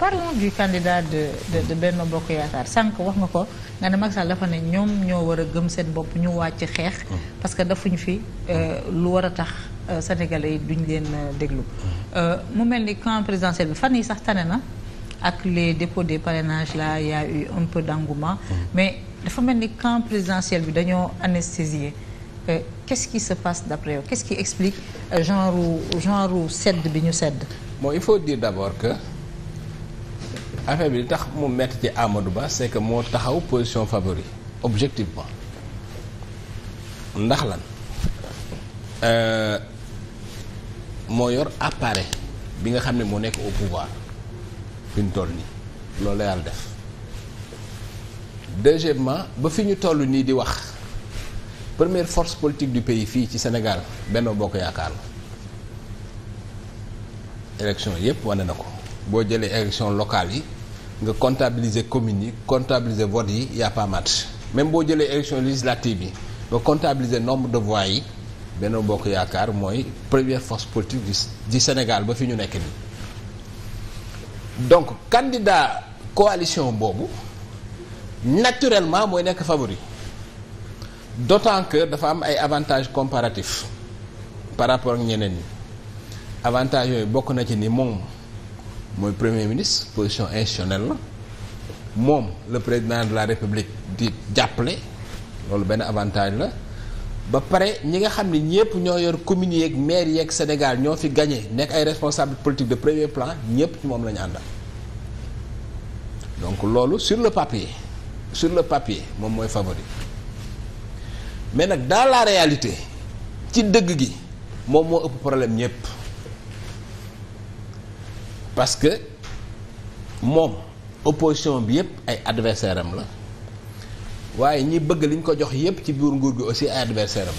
parlons du candidat de de de Benno Bokk Yaakaar sànq wax nga ko nga ne Macky Sall dafa ne ñoom ñoo war a gëm seen bopp ñu wàcc xeex. parce que dafuñ fi euh, lu war a tax euh, sénégalais yi duñ leen euh, déglu. mu mel ni camp présidentiel bi fan yi sax tane na ak les dépôts des parrainages là y a eu un peu d'engouement. mais dafa mel ni camp présidentiel bi dañoo anesthésier. qu'est-ce qui se passe d'après yow qu'est-ce qui explique genre genre sedd bi ñu sedd. bon il faut dire d'abord que. affaire bi li tax mu mett ci Amadou Ba c'est que moo taxaw position favori objectivement ndax lan euh, moo yor appareil bi nga xam ne moo nekk au pouvoir fi ñu toll nii loolu la yàlla ba fi ñu toll nii di wax première force politique du pays fii ci Sénégal benn Bokk Yaakaar la élection yépp wane na ko boo jëlee élection locale yi nga comptabiliser communes yi comptabiliser vote yi y' match même boo jëlee élection législative yi nga contabiliser nombre de voix yi benn Bokk Yaakaar mooy première force politique du du Sénégal ba fi ñu nekk nii. donc candidat coalition boobu naturellement mooy nekk favori d' autant que dafa am ay avantage comparatifs par rapport ak ñeneen yi avantages yooyu bokk na ci ni moom. mooy premier ministre position institutionnelle la moom le président de la république di jàppale loolu benn avantage la ba pare ñi nga xam ni ñëpp ñoo yor communes yeeg maire yeeg Sénégal ñoo fi gañee nekk ay responsable politique de premier plan ñëpp ci moom la ñu àndal donc loolu sur le papier sur le papier moom mooy favori mais nag dans la réalité ci dëgg gi moom moo ëpp problème ñëpp. parce que moom opposition bi yëpp ay adversaire am la waaye ñi bëgg li ñu ko jox yëpp ci buur nguur gi aussi ay am la